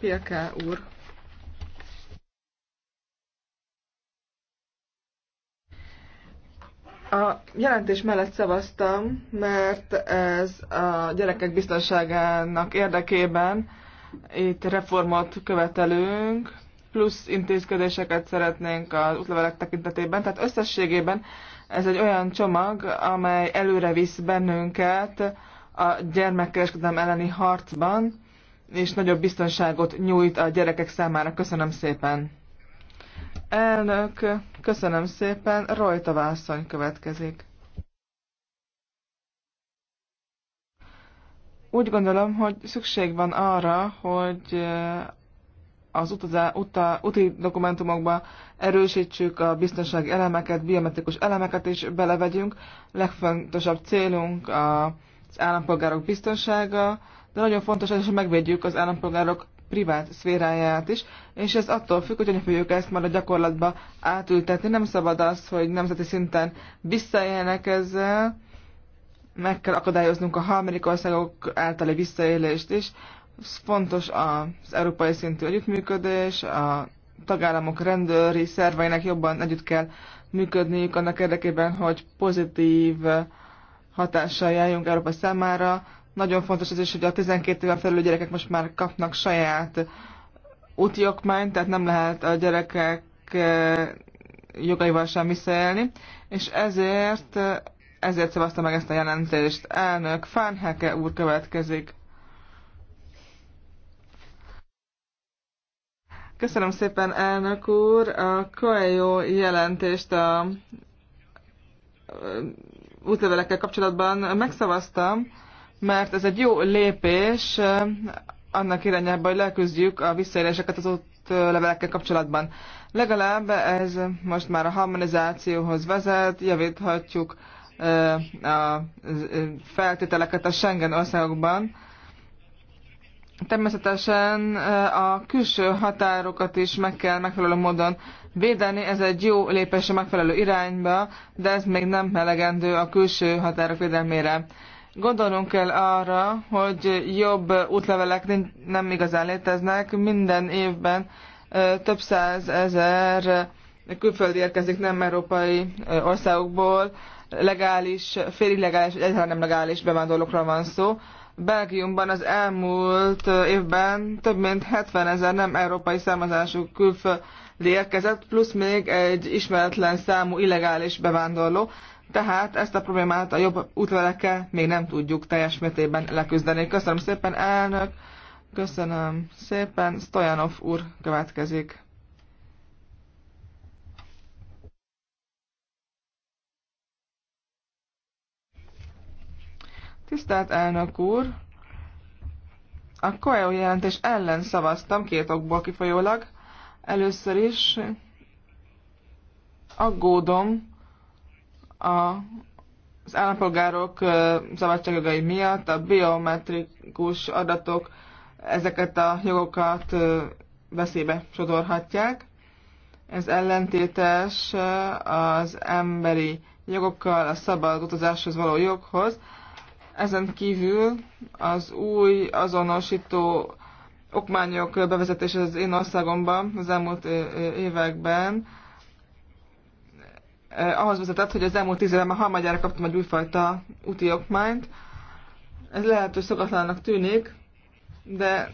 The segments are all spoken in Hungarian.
Pilke úr. A jelentés mellett szavaztam, mert ez a gyerekek biztonságának érdekében itt reformot követelünk, plusz intézkedéseket szeretnénk az útlevelek tekintetében. Tehát összességében ez egy olyan csomag, amely előre visz bennünket a gyermekkereskedelem elleni harcban, és nagyobb biztonságot nyújt a gyerekek számára. Köszönöm szépen! Elnök, köszönöm szépen, Rajta Vászony következik. Úgy gondolom, hogy szükség van arra, hogy eh, az utazá, uta, úti dokumentumokba erősítsük a biztonsági elemeket, biometrikus elemeket is belevegyünk. Legfontosabb célunk az állampolgárok biztonsága, de nagyon fontos az, hogy megvédjük az állampolgárok privát szféráját is, és ez attól függ, hogy hogy fogjuk ezt már a gyakorlatba átültetni. Nem szabad az, hogy nemzeti szinten visszaélnek ezzel, meg kell akadályoznunk a harmadik országok általi visszaélést is. Fontos az európai szintű együttműködés, a tagállamok rendőri szerveinek jobban együtt kell működniük annak érdekében, hogy pozitív hatással járjunk Európa számára, nagyon fontos az is, hogy a 12 éven felül gyerekek most már kapnak saját úti okmányt, tehát nem lehet a gyerekek eh, jogaival sem visszaélni, és ezért, eh, ezért szavazta meg ezt a jelentést. Elnök Fánheke úr következik. Köszönöm szépen, elnök úr. A Coelho jelentést a eh, útlevelekkel kapcsolatban megszavaztam, mert ez egy jó lépés eh, annak irányába, hogy leküzdjük a visszaéléseket az ott eh, levelekkel kapcsolatban. Legalább ez most már a harmonizációhoz vezet, javíthatjuk eh, a feltételeket a Schengen országokban. Természetesen a külső határokat is meg kell megfelelő módon védeni, ez egy jó lépés a megfelelő irányba, de ez még nem melegendő a külső határok védelmére. Gondolnunk kell arra, hogy jobb útlevelek nem igazán léteznek. Minden évben több száz ezer külföldi érkezik nem európai országokból. Legális, félig legális, egyáltalán nem legális bevándorlókra van szó. Belgiumban az elmúlt évben több mint 70 ezer nem európai származású külföldi érkezett, plusz még egy ismeretlen számú illegális bevándorló. Tehát ezt a problémát a jobb útvelekkel még nem tudjuk teljes mértékben leküzdeni. Köszönöm szépen, elnök! Köszönöm szépen, Stojanov úr következik. Tisztelt elnök úr! A Koeo jelentés ellen szavaztam két okból kifolyólag. Először is aggódom, a, az állampolgárok szabadságjogai miatt a biometrikus adatok ezeket a jogokat veszélybe sodorhatják. Ez ellentétes az emberi jogokkal, a szabad utazáshoz való joghoz. Ezen kívül az új azonosító okmányok bevezetése az én országomban az elmúlt években Eh, ahhoz vezetett, hogy az elmúlt tíz évben már harmadjára kaptam egy újfajta úti okmányt. Ez lehet, hogy szokatlannak tűnik, de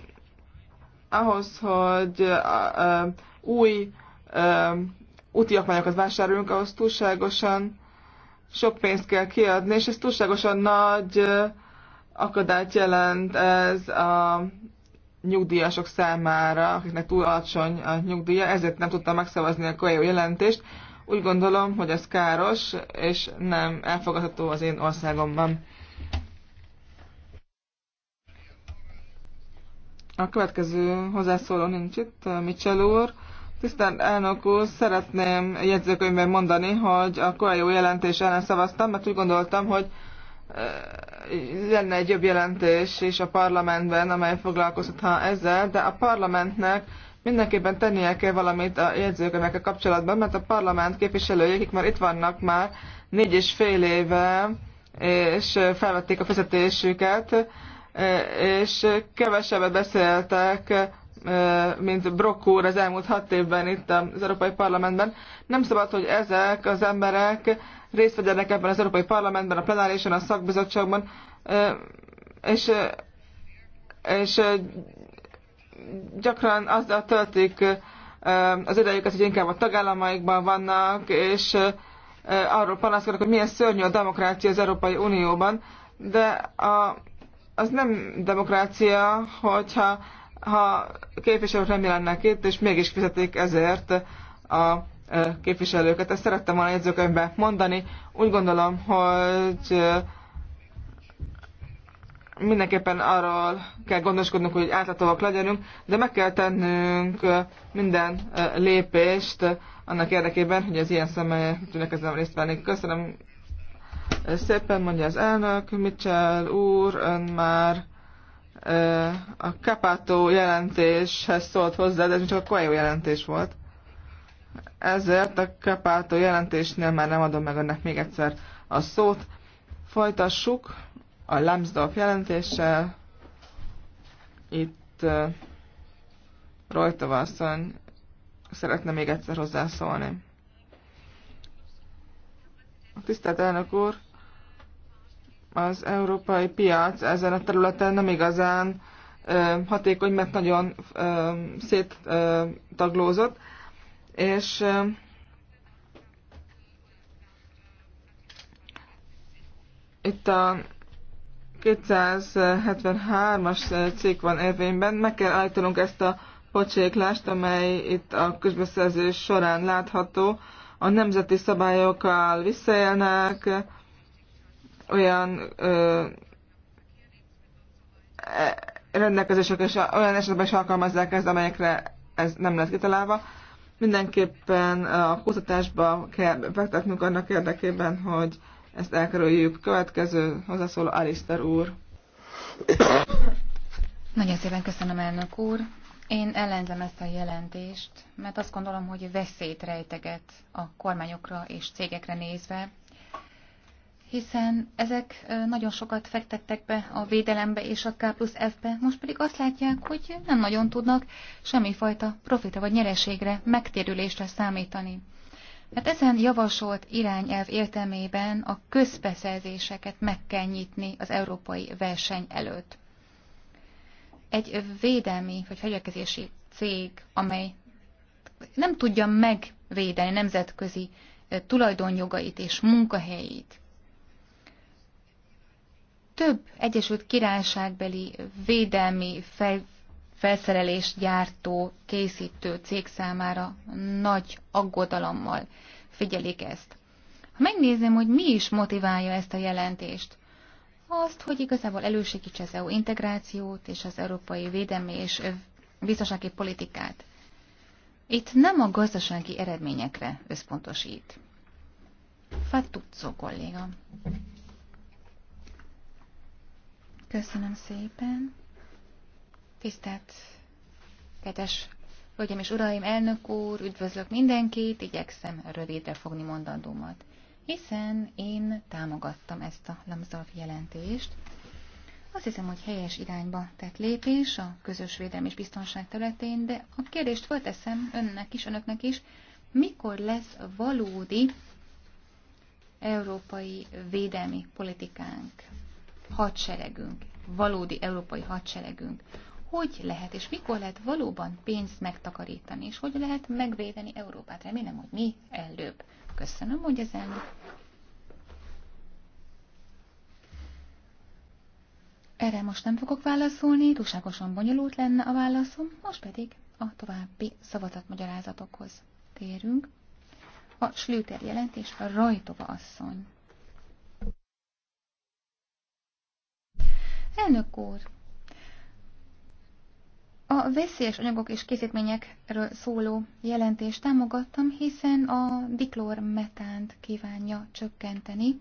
ahhoz, hogy a, eh, a, eh, új a, úti okmányokat vásároljunk, ahhoz túlságosan sok pénzt kell kiadni, és ez túlságosan nagy akadályt jelent ez a nyugdíjasok számára, akiknek túl alacsony a nyugdíja, ezért nem tudtam megszavazni a Koeo jelentést, úgy gondolom, hogy ez káros, és nem elfogadható az én országomban. A következő hozzászóló nincs itt, Mitchell úr. Tisztelt elnök úr, szeretném jegyzőkönyvben mondani, hogy a jó jelentés ellen szavaztam, mert úgy gondoltam, hogy eh, lenne egy jobb jelentés is a parlamentben, amely foglalkozhatna ezzel, de a parlamentnek Mindenképpen tennie kell valamit a jegyzőkönyvekkel kapcsolatban, mert a parlament képviselői, akik már itt vannak már négy és fél éve, és felvették a fizetésüket, és kevesebbet beszéltek, mint Brock úr az elmúlt hat évben itt az Európai Parlamentben. Nem szabad, hogy ezek az emberek részt vegyenek ebben az Európai Parlamentben, a plenárison, a szakbizottságban, és, és gyakran azzal töltik az idejüket, hogy inkább a tagállamaikban vannak, és arról panaszkodnak, hogy milyen szörnyű a demokrácia az Európai Unióban, de a, az nem demokrácia, hogyha ha képviselők nem jelennek itt, és mégis fizetik ezért a képviselőket. Ezt szerettem volna jegyzőkönyvben mondani. Úgy gondolom, hogy mindenképpen arról kell gondoskodnunk, hogy átláthatóak legyenünk, de meg kell tennünk minden lépést annak érdekében, hogy az ilyen személyek tudnak ezen részt venni. Köszönöm szépen, mondja az elnök, Mitchell úr, ön már a Kapátó jelentéshez szólt hozzá, de ez csak a Koajó jelentés volt. Ezért a Kapátó jelentésnél már nem adom meg önnek még egyszer a szót. Folytassuk a Lambsdorff jelentéssel. Itt uh, Rojtova asszony szeretne még egyszer hozzászólni. A Tisztelt elnök úr, az európai piac ezen a területen nem igazán ö, hatékony, mert nagyon ö, széttaglózott, és ö, itt a 273-as cikk van érvényben, meg kell állítanunk ezt a pocséklást, amely itt a közbeszerzés során látható. A nemzeti szabályokkal visszaélnek, olyan ö, e, rendelkezések és olyan esetben is alkalmazzák ezt, amelyekre ez nem lesz kitalálva. Mindenképpen a kutatásba kell befektetnünk annak érdekében, hogy ezt elkerüljük. Következő hozzászóló Aliszter úr. Nagyon szépen köszönöm, elnök úr. Én ellenzem ezt a jelentést, mert azt gondolom, hogy veszélyt rejteget a kormányokra és cégekre nézve, hiszen ezek nagyon sokat fektettek be a védelembe és a K plusz F-be, most pedig azt látják, hogy nem nagyon tudnak semmifajta profita vagy nyereségre, megtérülésre számítani. Hát ezen javasolt irányelv értelmében a közbeszerzéseket meg kell nyitni az európai verseny előtt. Egy védelmi vagy fegyverkezési cég, amely nem tudja megvédeni nemzetközi eh, tulajdonjogait és munkahelyét, több Egyesült Királyságbeli védelmi felszerelés gyártó, készítő cég számára nagy aggodalommal figyelik ezt. Ha megnézem, hogy mi is motiválja ezt a jelentést, azt, hogy igazából elősegítse az EU integrációt és az európai védelmi és biztonsági politikát. Itt nem a gazdasági eredményekre összpontosít. Fattuzzo kolléga. Köszönöm szépen. Tisztelt kedves Hölgyeim és Uraim, elnök úr, üdvözlök mindenkit, igyekszem rövidre fogni mondandómat, hiszen én támogattam ezt a Lamzalf jelentést. Azt hiszem, hogy helyes irányba tett lépés a közös védelmi és biztonság területén, de a kérdést fölteszem önnek is, önöknek is, mikor lesz valódi európai védelmi politikánk, hadseregünk, valódi európai hadseregünk, hogy lehet és mikor lehet valóban pénzt megtakarítani, és hogy lehet megvédeni Európát. Remélem, hogy mi előbb. Köszönöm, hogy az elnök. Erre most nem fogok válaszolni, túlságosan bonyolult lenne a válaszom, most pedig a további szavazatmagyarázatokhoz térünk. A Schlüter jelentés a Rajtova asszony. Elnök úr, a veszélyes anyagok és készítményekről szóló jelentést támogattam, hiszen a diklormetánt kívánja csökkenteni,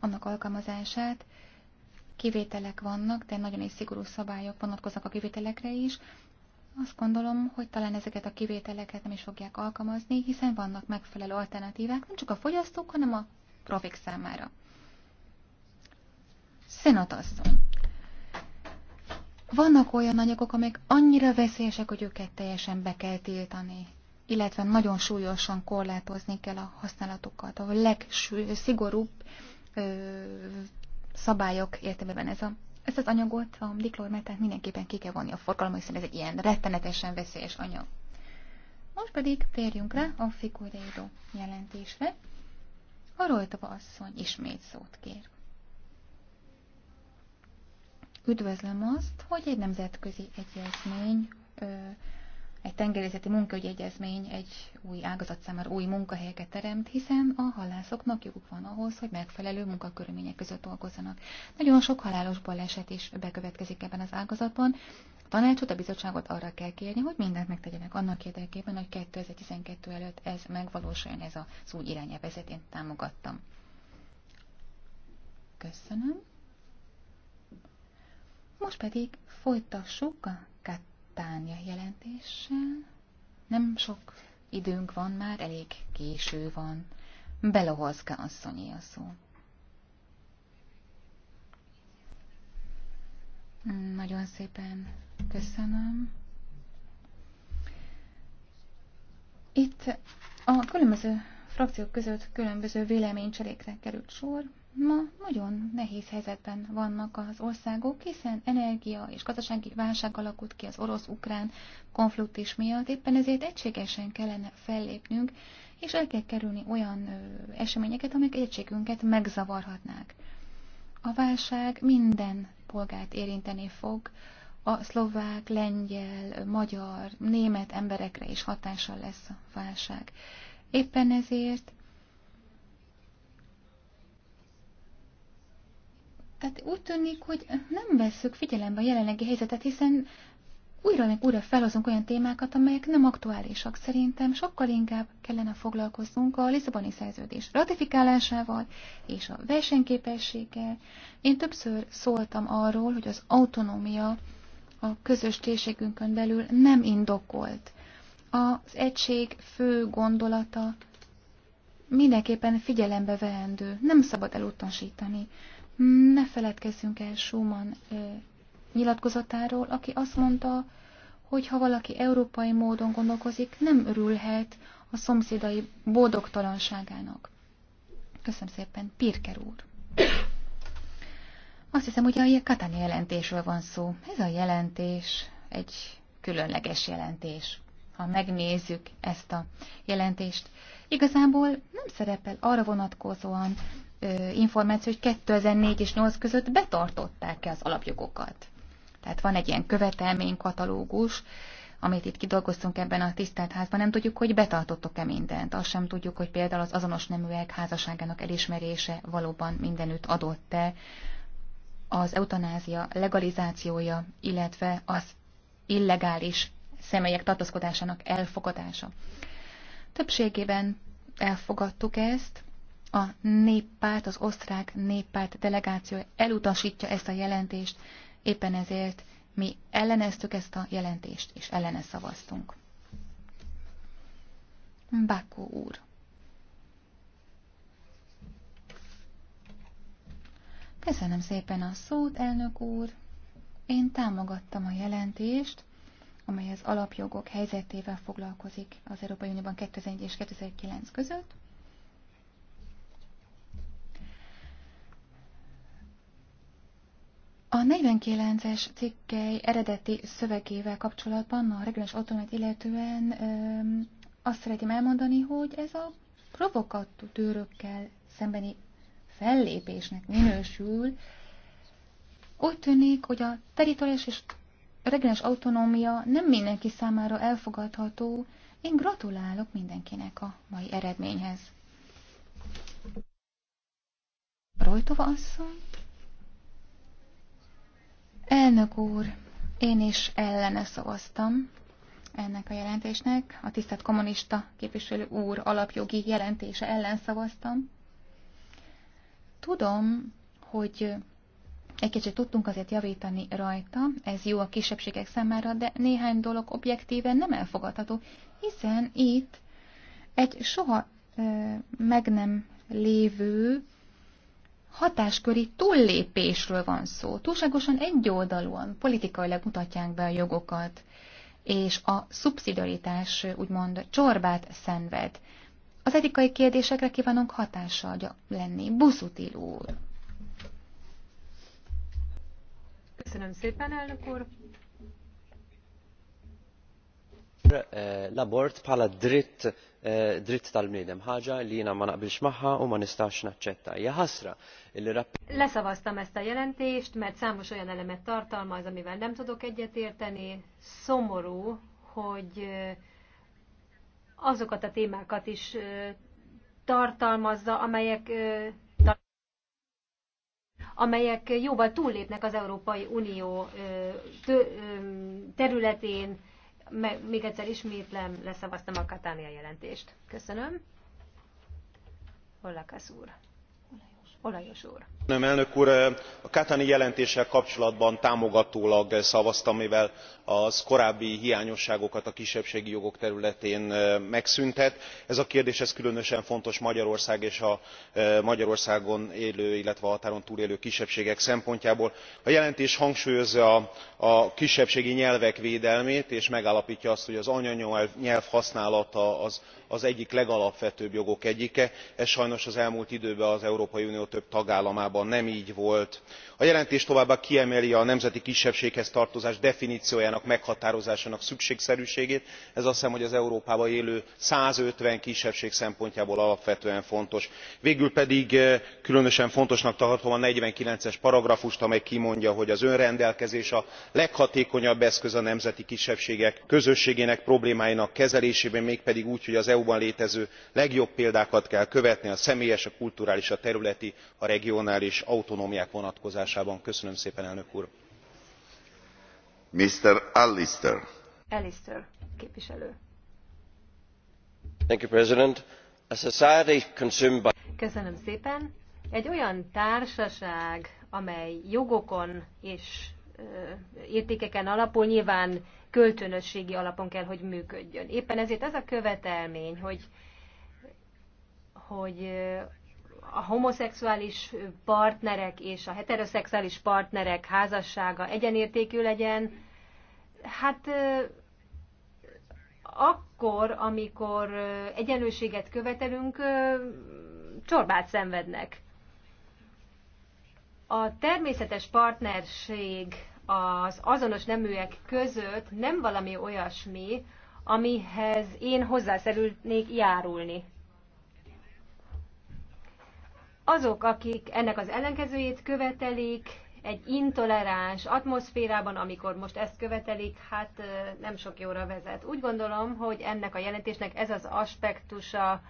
annak alkalmazását. Kivételek vannak, de nagyon is szigorú szabályok vonatkoznak a kivételekre is. Azt gondolom, hogy talán ezeket a kivételeket nem is fogják alkalmazni, hiszen vannak megfelelő alternatívák, nem csak a fogyasztók, hanem a profik számára. Szenatasszony. Vannak olyan anyagok, amelyek annyira veszélyesek, hogy őket teljesen be kell tiltani, illetve nagyon súlyosan korlátozni kell a használatukat. A legszigorúbb szabályok értelmében ez a ezt az anyagot, a diklormetát mindenképpen ki kell vonni a forgalomba, hiszen ez egy ilyen rettenetesen veszélyes anyag. Most pedig térjünk rá a figuréidó jelentésre. A rajtava asszony ismét szót kér. Üdvözlöm azt, hogy egy nemzetközi egyezmény, egy tengerészeti munkaügyi egyezmény egy új ágazat számára új munkahelyeket teremt, hiszen a halászoknak joguk van ahhoz, hogy megfelelő munkakörülmények között dolgozzanak. Nagyon sok halálos baleset is bekövetkezik ebben az ágazatban, tanácsot, a bizottságot arra kell kérni, hogy mindent megtegyenek annak érdekében, hogy 2012 előtt ez megvalósuljon, ez az új én támogattam. Köszönöm. Most pedig folytassuk a Kattánia jelentéssel. Nem sok időnk van már, elég késő van. Belohozka asszonyi a szó. Nagyon szépen köszönöm. Itt a különböző frakciók között különböző véleménycserékre került sor. Ma nagyon nehéz helyzetben vannak az országok, hiszen energia és gazdasági válság alakult ki az orosz-ukrán konfliktus miatt, éppen ezért egységesen kellene fellépnünk, és el kell kerülni olyan ö, eseményeket, amelyek egységünket megzavarhatnák. A válság minden polgárt érinteni fog, a szlovák, lengyel, magyar, német emberekre is hatással lesz a válság. Éppen ezért Tehát úgy tűnik, hogy nem veszük figyelembe a jelenlegi helyzetet, hiszen újra meg újra felhozunk olyan témákat, amelyek nem aktuálisak. Szerintem sokkal inkább kellene foglalkoznunk a Lisszaboni szerződés ratifikálásával és a versenyképességgel. Én többször szóltam arról, hogy az autonómia a közös térségünkön belül nem indokolt. Az egység fő gondolata mindenképpen figyelembe veendő, nem szabad elutasítani. Ne feledkezzünk el Schumann nyilatkozatáról, aki azt mondta, hogy ha valaki európai módon gondolkozik, nem örülhet a szomszédai boldogtalanságának. Köszönöm szépen, Pirker úr. Azt hiszem, hogy a Katani jelentésről van szó. Ez a jelentés egy különleges jelentés. Ha megnézzük ezt a jelentést, igazából nem szerepel arra vonatkozóan, információ, hogy 2004 és 8 között betartották-e az alapjogokat. Tehát van egy ilyen követelménykatalógus, amit itt kidolgoztunk ebben a tisztelt házban, nem tudjuk, hogy betartottok-e mindent. Azt sem tudjuk, hogy például az azonos neműek házasságának elismerése valóban mindenütt adott-e, az eutanázia legalizációja, illetve az illegális személyek tartózkodásának elfogadása. Többségében elfogadtuk ezt, a néppárt, az osztrák néppárt delegáció elutasítja ezt a jelentést, éppen ezért mi elleneztük ezt a jelentést, és ellene szavaztunk. Bakó úr. Köszönöm szépen a szót, elnök úr. Én támogattam a jelentést, amely az alapjogok helyzetével foglalkozik az Európai Unióban 2001 és 2009 között. A 49-es cikkely eredeti szövegével kapcsolatban a reguláns autonómiát illetően öm, azt szeretném elmondani, hogy ez a provokatőrökkel szembeni fellépésnek minősül. Úgy tűnik, hogy a teritoriális és regionális autonómia nem mindenki számára elfogadható. Én gratulálok mindenkinek a mai eredményhez. Rojtova asszony? Elnök úr, én is ellene szavaztam ennek a jelentésnek. A tisztelt kommunista képviselő úr alapjogi jelentése ellen szavaztam. Tudom, hogy egy kicsit tudtunk azért javítani rajta, ez jó a kisebbségek számára, de néhány dolog objektíven nem elfogadható, hiszen itt egy soha meg nem lévő hatásköri túllépésről van szó. Túlságosan egyoldalúan, politikailag mutatják be a jogokat, és a szubszidiaritás úgymond csorbát szenved. Az etikai kérdésekre kívánunk hatással lenni. Buszutil úr. Köszönöm szépen, elnök úr l-abort bħala dritt tal-bniedem ħaġa li jiena ma naqbilx magħha u ma nistax naċċetta. Hija ħasra Leszavaztam ezt a jelentést, mert számos olyan elemet tartalmaz, amivel nem tudok egyetérteni. Szomorú, hogy azokat a témákat is tartalmazza, amelyek amelyek jóval túllépnek az Európai Unió területén, még egyszer ismétlem, leszavaztam a Katánia jelentést. Köszönöm. lakasz úr a katainen jelentéssel kapcsolatban támogatólag szavaztam mivel az korábbi hiányosságokat a kisebbségi jogok területén megszüntet. ez a kérdés különösen fontos magyarország és a magyarországon élő illetve a határon túl élő kisebbségek szempontjából. a jelentés hangsúlyozza a kisebbségi nyelvek védelmét és megállaptja azt hogy az anyanyelv használata az egyik legalapvetőbb jogok egyike ez sajnos az elmúlt időben az európai unió tagállamaiban több tagállamában nem gy volt. a jelentés továbbá kiemeli a nemzeti kisebbséghez tartozás definciójának meghatározásának szükségszerűségét ez azt hiszem hogy az európában élő one hundred and fifty kisebbség szempontjából alapvetően fontos. végül pedig eh, különösen fontosnak tartom a forty nine es paragrafust amely kimondja hogy az önrendelkezés a leghatékonyabb eszköz a nemzeti kisebbségek közösségének problémáinak kezelésében mégpedig úgy hogy az eu ban létező legjobb példákat kell követni a személyes a kulturális a területi a regionális autonómiák vonatkozásában. köszönöm szépen elnök úr! Mr. Allister. Allister, képviselő. Köszönöm szépen. Egy olyan társaság, amely jogokon és értékeken alapul nyilván kölcsönösségi alapon kell, hogy működjön. Éppen ezért az a követelmény, hogy, hogy a homoszexuális partnerek és a heteroszexuális partnerek házassága egyenértékű legyen. Hát akkor, amikor egyenlőséget követelünk, csorbát szenvednek. A természetes partnerség az azonos neműek között nem valami olyasmi, amihez én hozzászerülnék járulni. Azok, akik ennek az ellenkezőjét követelik, egy intoleráns atmoszférában, amikor most ezt követelik, hát nem sok jóra vezet. Úgy gondolom, hogy ennek a jelentésnek ez az aspektusa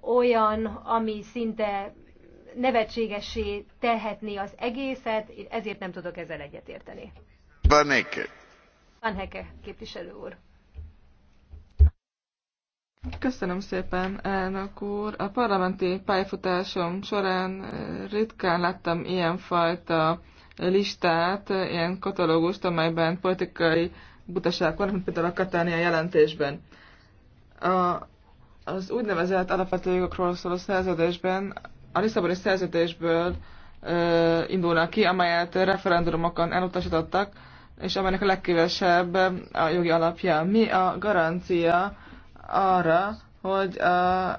olyan, ami szinte nevetségesé tehetni az egészet, ezért nem tudok ezzel egyetérteni. Van Heke. Van Heke, képviselő úr. Köszönöm szépen, elnök úr. A parlamenti pályafutásom során eh, ritkán láttam ilyenfajta listát, ilyen katalógust, amelyben politikai butaság van, mint például a Katánia jelentésben. A, az úgynevezett alapvető jogokról szóló szerződésben, a Lisszaboni szerződésből ö, eh, indulnak ki, amelyet referendumokon elutasítottak, és amelynek a legkívesebb a jogi alapja. Mi a garancia arra, hogy, a,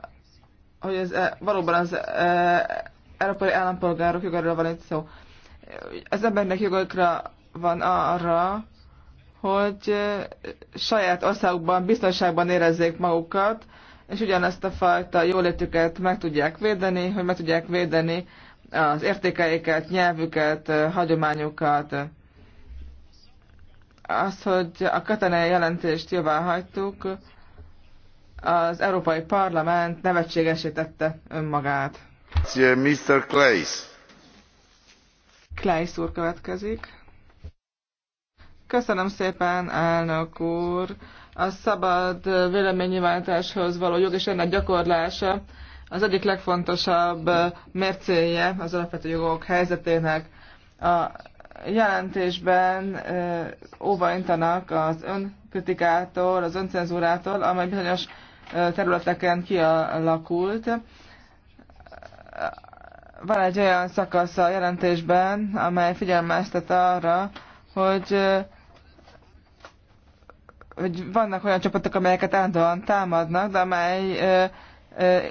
hogy ez e, valóban az e, európai állampolgárok jogairól van itt szó. Az embernek jogokra van arra, hogy e, saját országukban biztonságban érezzék magukat, és ugyanezt a fajta jólétüket meg tudják védeni, hogy meg tudják védeni az értékeiket, nyelvüket, hagyományukat. Az, hogy a katonai jelentést jóvá hagytuk, az Európai Parlament nevetségesítette önmagát. Mr. Kleis. Kleis úr következik. Köszönöm szépen, elnök úr. A szabad véleménynyilvánításhoz való jog és ennek gyakorlása az egyik legfontosabb mércéje az alapvető jogok helyzetének. A jelentésben óvaintanak az önkritikától, az öncenzúrától, amely bizonyos területeken kialakult. Van egy olyan szakasz a jelentésben, amely figyelmeztet arra, hogy hogy vannak olyan csapatok, amelyeket állandóan támadnak, de amely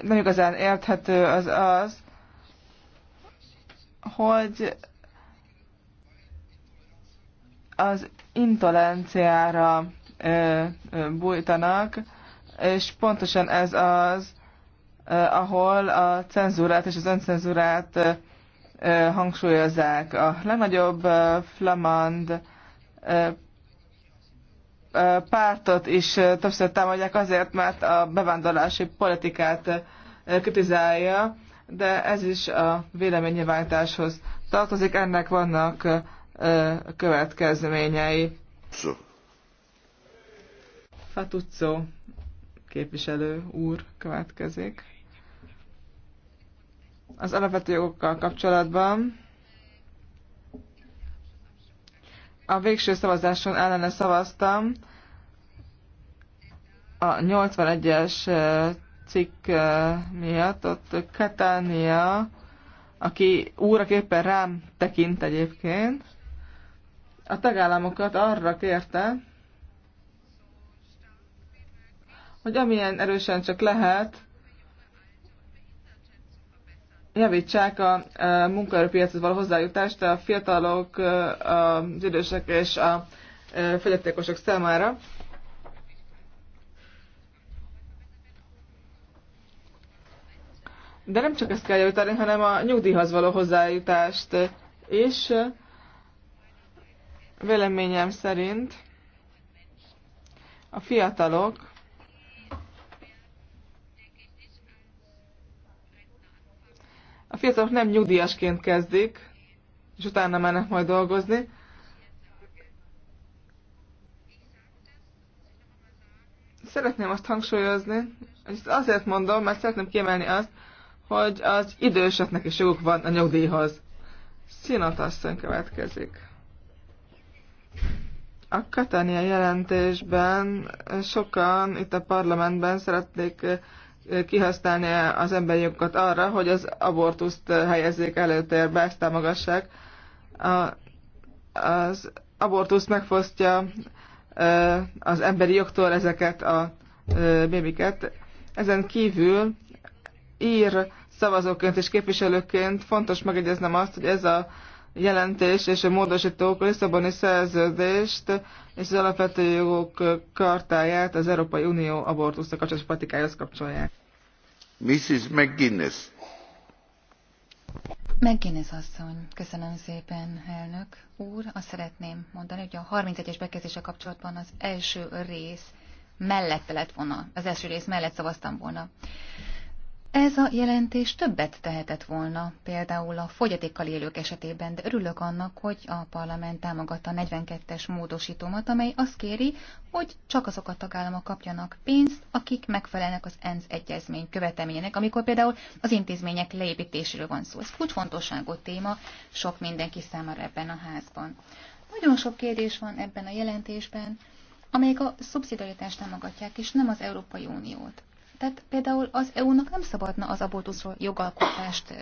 nem igazán érthető az az, hogy az intolenciára bújtanak, és pontosan ez az, ahol a cenzúrát és az öncenzúrát hangsúlyozzák. A legnagyobb flamand pártot is többször támadják azért, mert a bevándorlási politikát kritizálja, de ez is a véleménynyilvánításhoz tartozik, ennek vannak következményei. Fatuzzo képviselő úr következik. Az alapvető jogokkal kapcsolatban a végső szavazáson ellene szavaztam a 81-es cikk miatt, ott Katánia, aki úr, éppen rám tekint egyébként, a tagállamokat arra kérte, hogy amilyen erősen csak lehet, javítsák a e, munkaerőpiachoz való hozzájutást a fiatalok, e, az idősek és a e, fogyatékosok számára. De nem csak ezt kell javítani, hanem a nyugdíjhoz való hozzájutást is. Véleményem szerint a fiatalok fiatalok nem nyugdíjasként kezdik, és utána mennek majd dolgozni. Szeretném azt hangsúlyozni, hogy azért mondom, mert szeretném kiemelni azt, hogy az időseknek is joguk van a nyugdíjhoz. Színatasszony következik. A Katania jelentésben sokan itt a parlamentben szeretnék kihasználni az emberi jogokat arra, hogy az abortuszt helyezzék előtérbe, ezt támogassák. A, az abortusz megfosztja az emberi jogtól ezeket a bébiket. Ezen kívül ír szavazóként és képviselőként fontos megegyeznem azt, hogy ez a jelentés és a módosítók a Lisszaboni szerződést és az alapvető jogok kartáját az Európai Unió abortuszra kapcsolatos politikájához kapcsolják. Mrs. McGuinness. McGuinness asszony, köszönöm szépen, elnök úr. Azt szeretném mondani, hogy a 31-es bekezdése kapcsolatban az első rész mellette lett volna, az első rész mellett szavaztam volna. Ez a jelentés többet tehetett volna, például a fogyatékkal élők esetében, de örülök annak, hogy a parlament támogatta 42-es módosítómat, amely azt kéri, hogy csak azok a tagállamok kapjanak pénzt, akik megfelelnek az ENSZ egyezmény követelményének, amikor például az intézmények leépítéséről van szó. Ez kulcsfontosságú téma sok mindenki számára ebben a házban. Nagyon sok kérdés van ebben a jelentésben, amelyek a szubszidaritást támogatják, és nem az Európai Uniót. Tehát például az EU-nak nem szabadna az abortuszról jogalkotást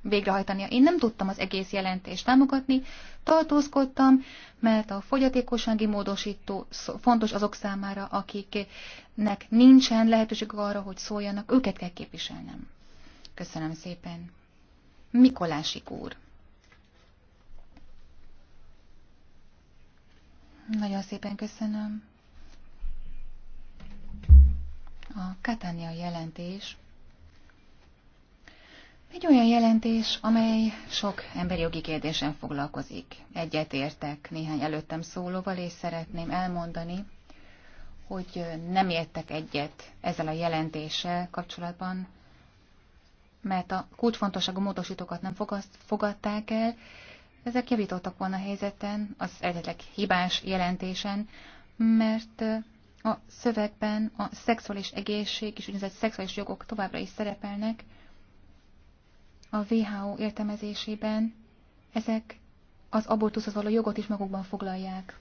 végrehajtania. Én nem tudtam az egész jelentést támogatni, tartózkodtam, mert a fogyatékossági módosító fontos azok számára, akiknek nincsen lehetőség arra, hogy szóljanak, őket kell képviselnem. Köszönöm szépen. Mikolásik úr. Nagyon szépen köszönöm. A Katania jelentés egy olyan jelentés, amely sok emberi jogi kérdésen foglalkozik. Egyetértek néhány előttem szólóval, és szeretném elmondani, hogy nem értek egyet ezzel a jelentéssel kapcsolatban, mert a kulcsfontosságú módosítókat nem fogadták el, ezek javítottak volna a helyzeten, az eredetleg hibás jelentésen, mert a szövegben a szexuális egészség és úgynevezett szexuális jogok továbbra is szerepelnek. A WHO értelmezésében ezek az abortuszhoz való jogot is magukban foglalják.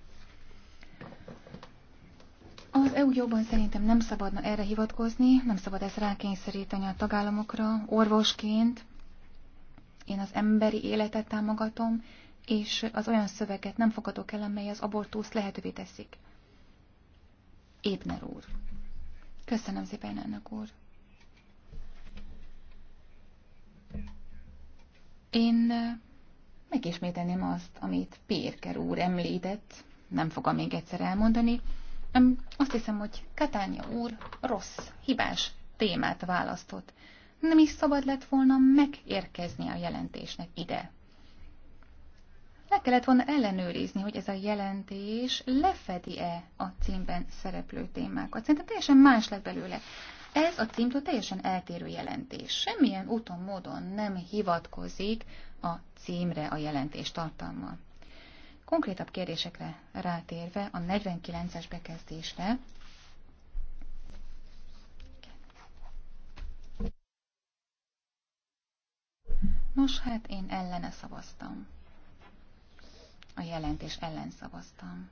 Az EU jobban szerintem nem szabadna erre hivatkozni, nem szabad ezt rákényszeríteni a tagállamokra. Orvosként én az emberi életet támogatom, és az olyan szöveget nem fogadok el, amely az abortuszt lehetővé teszik. Ébner úr. Köszönöm szépen, elnök úr. Én megismételném azt, amit Pérker úr említett, nem fogom még egyszer elmondani. Azt hiszem, hogy Katánya úr rossz, hibás témát választott. Nem is szabad lett volna megérkezni a jelentésnek ide le kellett volna ellenőrizni, hogy ez a jelentés lefedi-e a címben szereplő témákat. Szerintem teljesen más lett belőle. Ez a címtől teljesen eltérő jelentés. Semmilyen úton, módon nem hivatkozik a címre a jelentés tartalma. Konkrétabb kérdésekre rátérve a 49-es bekezdésre, Nos, hát én ellene szavaztam a jelentés ellen szavaztam.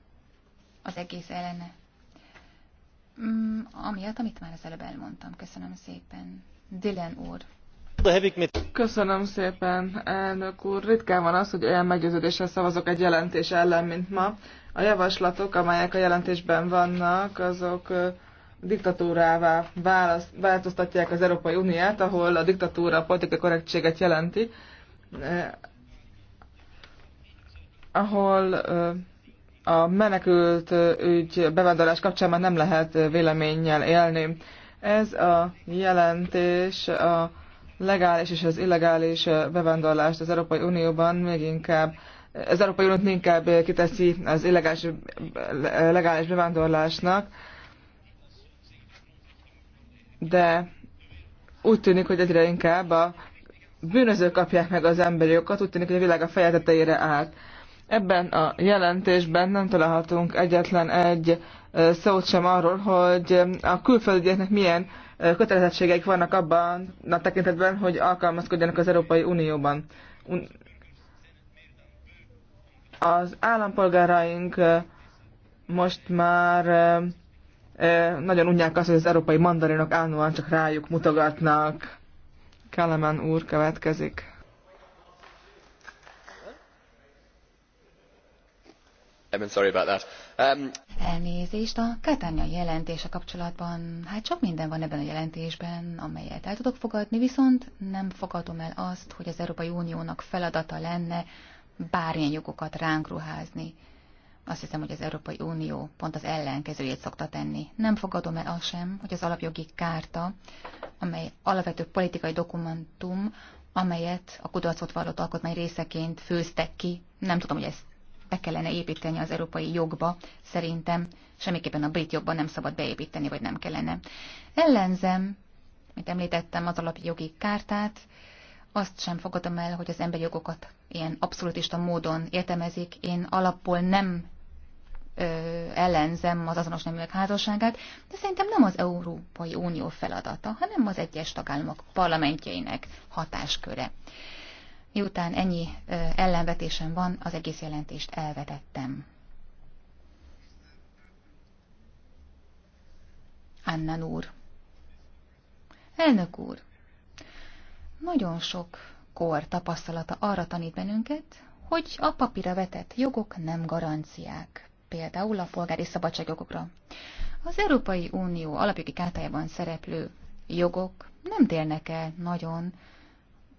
Az egész ellene. Mm, amiatt, amit már az előbb elmondtam. Köszönöm szépen. Dylan úr. Köszönöm szépen, elnök úr. Ritkán van az, hogy olyan meggyőződéssel szavazok egy jelentés ellen, mint ma. A javaslatok, amelyek a jelentésben vannak, azok diktatúrává választ, változtatják az Európai Uniát, ahol a diktatúra a politikai korrektséget jelenti ahol a menekült ügy bevándorlás kapcsán már nem lehet véleménnyel élni. Ez a jelentés a legális és az illegális bevándorlást az Európai Unióban még inkább az Európai Uniót inkább kiteszi az illegális legális bevándorlásnak, de úgy tűnik, hogy egyre inkább a bűnözők kapják meg az emberi jogokat, úgy tűnik, hogy a világ a feje tetejére állt. Ebben a jelentésben nem találhatunk egyetlen egy szót sem arról, hogy a külföldieknek milyen kötelezettségeik vannak abban a tekintetben, hogy alkalmazkodjanak az Európai Unióban. Az állampolgáraink most már nagyon unják azt, hogy az európai mandarinok állandóan csak rájuk mutogatnak. Kelemen úr következik. Um, Elnézést a Kátánya jelentése kapcsolatban. Hát csak minden van ebben a jelentésben, amelyet el tudok fogadni, viszont nem fogadom el azt, hogy az Európai Uniónak feladata lenne bármilyen jogokat ránk ruházni. Azt hiszem, hogy az Európai Unió pont az ellenkezőjét szokta tenni. Nem fogadom el azt sem, hogy az alapjogi kárta, amely alapvető politikai dokumentum, amelyet a kudarcot vallott alkotmány részeként főztek ki. Nem tudom, hogy ezt be kellene építeni az európai jogba, szerintem semmiképpen a brit jogban nem szabad beépíteni, vagy nem kellene. Ellenzem, mint említettem, az alapjogi kártát, azt sem fogadom el, hogy az emberi jogokat ilyen abszolutista módon értelmezik. Én alapból nem ö, ellenzem az azonos neműek házasságát, de szerintem nem az Európai Unió feladata, hanem az egyes tagállamok parlamentjeinek hatásköre. Miután ennyi ellenvetésem van, az egész jelentést elvetettem. Annan úr. Elnök úr, nagyon sok kor tapasztalata arra tanít bennünket, hogy a papíra vetett jogok nem garanciák, például a polgári szabadságjogokra. Az Európai Unió alapjogi kártájában szereplő jogok nem térnek el nagyon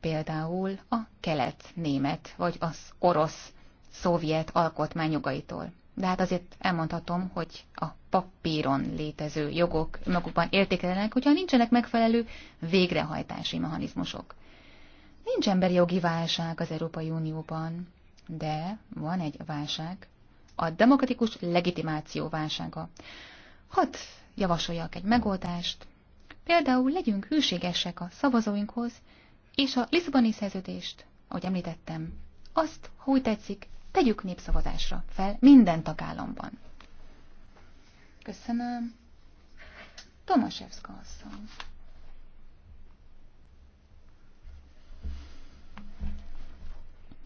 például a kelet-német vagy az orosz-szovjet alkotmányjogaitól. De hát azért elmondhatom, hogy a papíron létező jogok magukban értékelenek, hogyha nincsenek megfelelő végrehajtási mechanizmusok. Nincs emberi jogi válság az Európai Unióban, de van egy válság, a demokratikus legitimáció válsága. Hadd javasoljak egy megoldást, például legyünk hűségesek a szavazóinkhoz, és a Lisszaboni szerződést, ahogy említettem, azt, ha úgy tetszik, tegyük népszavazásra fel minden tagállamban. Köszönöm. Tomaszewska asszony.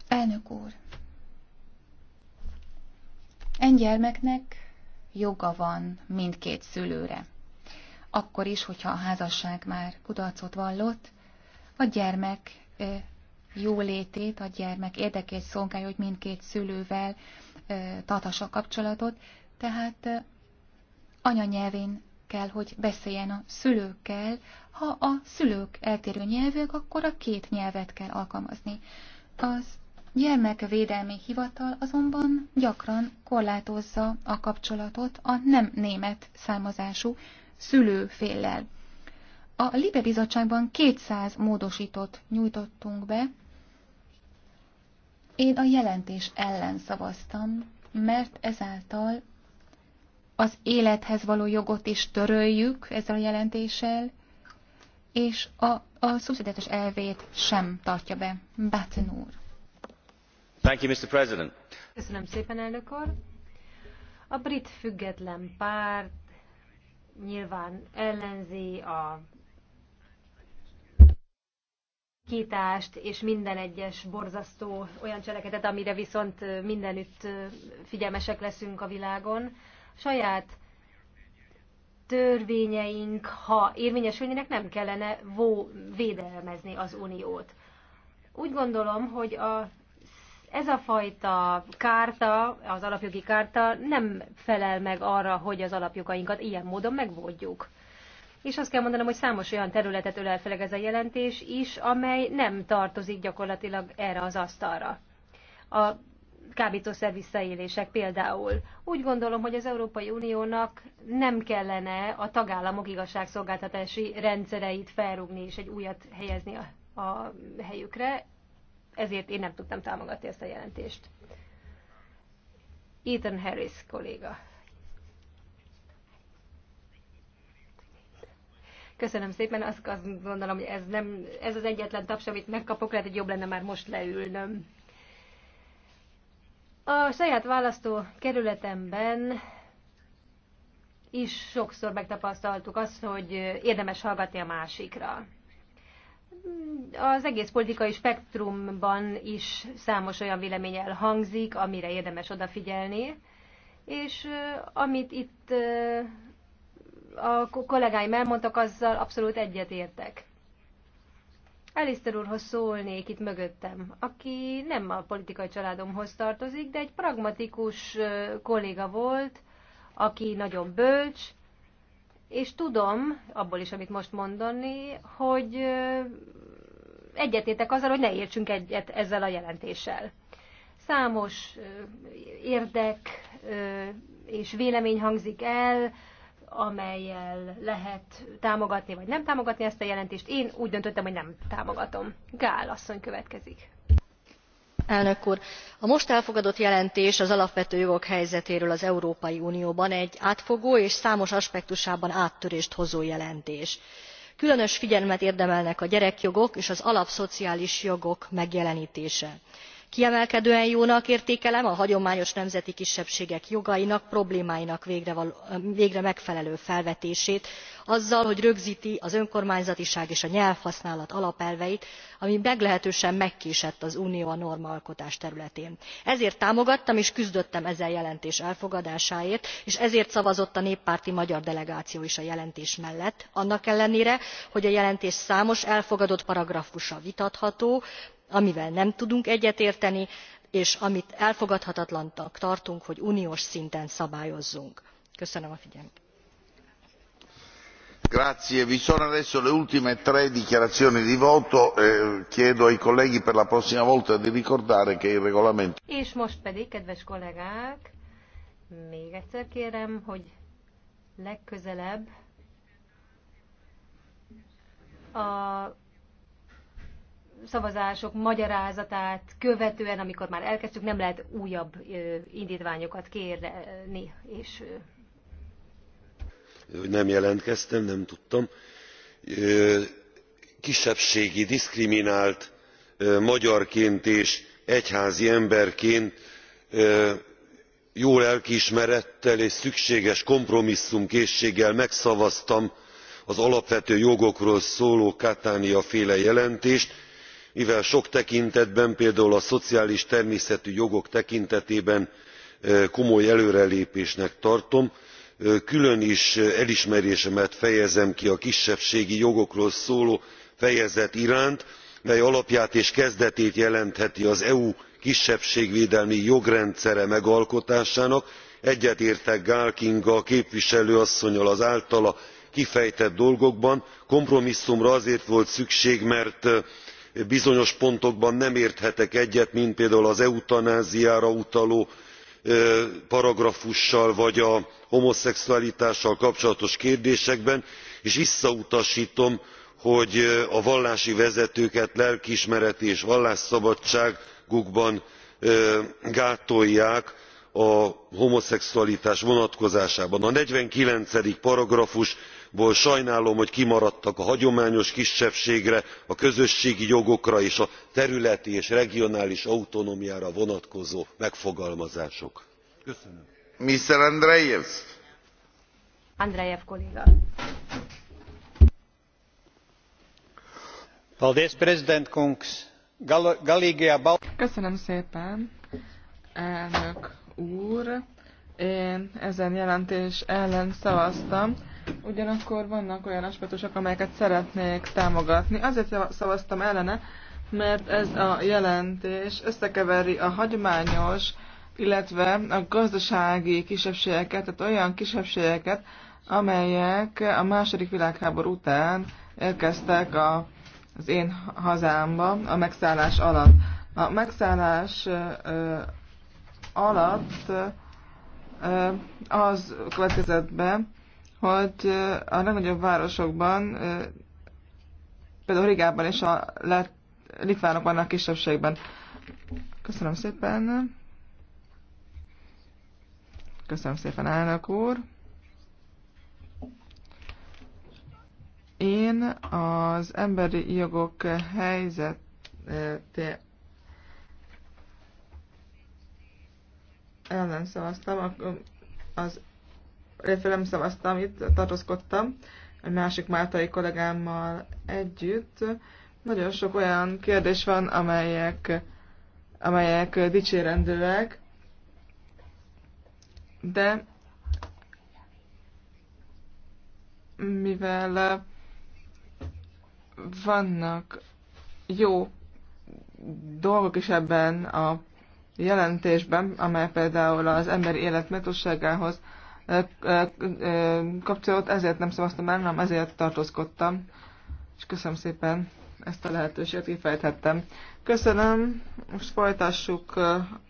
Elnök úr, egy gyermeknek joga van mindkét szülőre. Akkor is, hogyha a házasság már kudarcot vallott, a gyermek jólétét, a gyermek érdekét szolgálja, hogy mindkét szülővel tartassa a kapcsolatot, tehát anyanyelvén kell, hogy beszéljen a szülőkkel. Ha a szülők eltérő nyelvűek, akkor a két nyelvet kell alkalmazni. Az gyermekvédelmi hivatal azonban gyakran korlátozza a kapcsolatot a nem német származású szülőféllel. A Libe Bizottságban 200 módosítót nyújtottunk be. Én a jelentés ellen szavaztam, mert ezáltal az élethez való jogot is töröljük ezzel a jelentéssel, és a, a szubszidetes elvét sem tartja be. Batten úr. Thank you, Mr. President. Köszönöm szépen, elnök úr. A brit független párt nyilván ellenzi a kitást és minden egyes borzasztó olyan cselekedet, amire viszont mindenütt figyelmesek leszünk a világon. Saját törvényeink, ha érvényesülnének, nem kellene vó védelmezni az uniót. Úgy gondolom, hogy a, ez a fajta kárta, az alapjogi kárta nem felel meg arra, hogy az alapjogainkat ilyen módon megvódjuk és azt kell mondanom, hogy számos olyan területet ölel fel ez a jelentés is, amely nem tartozik gyakorlatilag erre az asztalra. A kábítószer visszaélések például. Úgy gondolom, hogy az Európai Uniónak nem kellene a tagállamok igazságszolgáltatási rendszereit felrúgni és egy újat helyezni a, a helyükre, ezért én nem tudtam támogatni ezt a jelentést. Ethan Harris kolléga. Köszönöm szépen, azt, azt gondolom, hogy ez, nem, ez az egyetlen taps, amit megkapok, lehet, hogy jobb lenne már most leülnöm. A saját választó kerületemben is sokszor megtapasztaltuk azt, hogy érdemes hallgatni a másikra. Az egész politikai spektrumban is számos olyan vélemény elhangzik, amire érdemes odafigyelni, és amit itt a kollégáim elmondtak, azzal abszolút egyetértek. Elisztor úrhoz szólnék itt mögöttem, aki nem a politikai családomhoz tartozik, de egy pragmatikus kolléga volt, aki nagyon bölcs, és tudom, abból is, amit most mondani, hogy egyetétek azzal, hogy ne értsünk egyet ezzel a jelentéssel. Számos érdek és vélemény hangzik el, amelyel lehet támogatni vagy nem támogatni ezt a jelentést. Én úgy döntöttem, hogy nem támogatom. Gál asszony következik. Elnök úr, a most elfogadott jelentés az alapvető jogok helyzetéről az Európai Unióban egy átfogó és számos aspektusában áttörést hozó jelentés. Különös figyelmet érdemelnek a gyerekjogok és az alapszociális jogok megjelenítése kiemelkedően jónak értékelem a hagyományos nemzeti kisebbségek jogainak problémáinak végre megfelelő felvetését azzal hogy rögzti az önkormányzatiság és a nyelvhasználat alapelveit ami meglehetősen megkésett az unió a normaalkotás területén. ezért támogattam és küzdöttem ezen jelentés elfogadásáért és ezért szavazott a néppárti magyar delegáció is a jelentés mellett annak ellenére hogy a jelentés számos elfogadott paragrafusa vitatható amivel nem tudunk egyetérteni és amit elfogadhatatlannak tartunk hogy uniós szinten szabályozzunk. köszönöm a figyelmet. Eh, és most pedig kedves kollégák még egyszer kérem hogy legközelebb a szavazások magyarázatát követően, amikor már elkezdtük, nem lehet újabb indítványokat kérni. És... nem jelentkeztem, nem tudtam. Kisebbségi, diszkriminált magyarként és egyházi emberként jó lelkiismerettel és szükséges kompromisszumkészséggel megszavaztam az alapvető jogokról szóló Katánia féle jelentést mivel sok tekintetben például a szociális természetű jogok tekintetében komoly előrelépésnek tartom külön is elismerésemet fejezem ki a kisebbségi jogokról szóló fejezet iránt mely alapját és kezdetét jelentheti az eu kisebbségvédelmi jogrendszere megalkotásának. egyetértek gál kinga képviselő asszonnyal az általa kifejtett dolgokban kompromisszumra azért volt szükség mert bizonyos pontokban nem érthetek egyet mint például az eutanáziára utaló paragrafussal vagy a homoszexualitással kapcsolatos kérdésekben és visszautastom hogy a vallási vezetőket lelkiismereti és vallásszabadságukban gátolják a homoszexualitás vonatkozásában. a forty nine paragrafus ból sajnálom hogy kimaradtak a hagyományos kisebbségre a közösségi jogokra és a területi és regionális autonómiára vonatkozó megfogalmazások. köszönöm. Köszönöm szépen, elnök úr! én ezen jelentés ellen szavaztam, ugyanakkor vannak olyan aspektusok, amelyeket szeretnék támogatni. Azért szavaztam ellene, mert ez a jelentés összekeveri a hagyományos, illetve a gazdasági kisebbségeket, tehát olyan kisebbségeket, amelyek a második világháború után érkeztek a, az én hazámba a megszállás alatt. A megszállás ö, alatt az következett be, hogy a legnagyobb városokban, például Rigában és a litvánok vannak kisebbségben. Köszönöm szépen. Köszönöm szépen, elnök úr. Én az emberi jogok helyzete ellen szavaztam, az, illetve nem szavaztam, itt tartózkodtam egy másik máltai kollégámmal együtt. Nagyon sok olyan kérdés van, amelyek, amelyek dicsérendőek, de mivel vannak jó dolgok is ebben a jelentésben, amely például az emberi élet méltóságához kapcsolódott, ezért nem szavaztam el, hanem ezért tartózkodtam. És köszönöm szépen ezt a lehetőséget, kifejthettem. Köszönöm, most folytassuk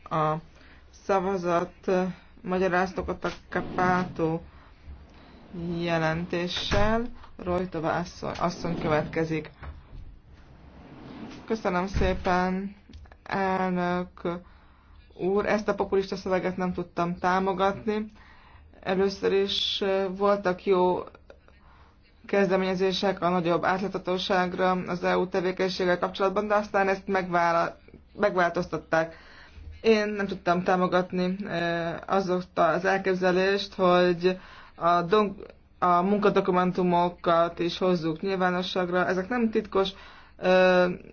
a szavazat magyaráztokat a Kapátó jelentéssel. Rojtova asszony, asszony következik. Köszönöm szépen, elnök úr, ezt a populista szöveget nem tudtam támogatni. Először is voltak jó kezdeményezések a nagyobb átláthatóságra az EU tevékenységgel kapcsolatban, de aztán ezt megvála, megváltoztatták. Én nem tudtam támogatni azokta az elképzelést, hogy a, dong, a munkadokumentumokat is hozzuk nyilvánosságra. Ezek nem titkos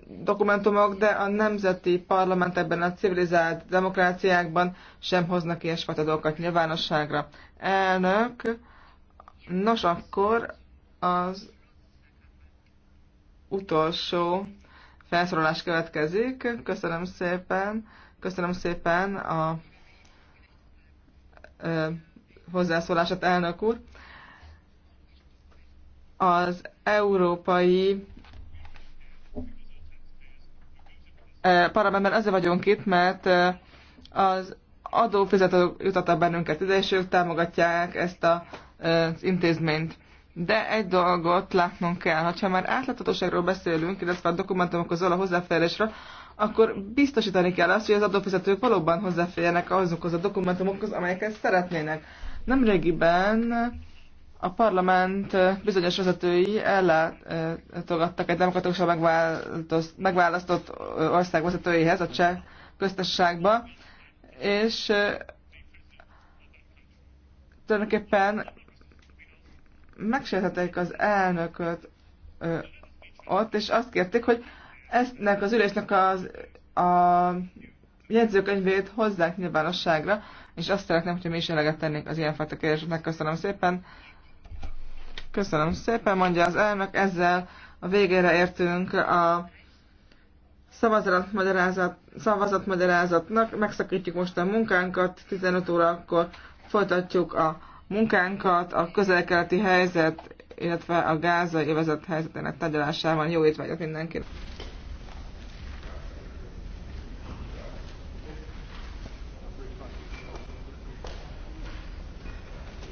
dokumentumok, de a nemzeti parlamentekben, a civilizált demokráciákban sem hoznak ilyesfajta dolgokat nyilvánosságra. Elnök, nos akkor az utolsó felszorolás következik. Köszönöm szépen, köszönöm szépen a ö, hozzászólását, elnök úr. Az európai parlamentben azért vagyunk itt, mert az adófizetők jutottak bennünket ide, és ők támogatják ezt a, az intézményt. De egy dolgot látnunk kell, ha már átláthatóságról beszélünk, illetve a dokumentumokhoz a hozzáférésről, akkor biztosítani kell azt, hogy az adófizetők valóban hozzáférjenek azokhoz a dokumentumokhoz, amelyeket szeretnének. Nemrégiben a parlament bizonyos vezetői ellátogattak egy demokratikusan megválasztott ország vezetőjéhez, a cseh köztességbe, és tulajdonképpen megsértették az elnököt ott, és azt kérték, hogy eztnek az ülésnek az, a jegyzőkönyvét hozzák nyilvánosságra, és azt szeretném, hogy mi is eleget tennénk az ilyenfajta kérdéseknek. Köszönöm szépen! Köszönöm szépen, mondja az elnök. Ezzel a végére értünk a szavazatmagyarázat, szavazatmagyarázatnak. Megszakítjuk most a munkánkat, 15 órakor folytatjuk a munkánkat, a közelkeleti helyzet, illetve a gázai övezet helyzetének tárgyalásában. Jó étvágyat mindenkinek!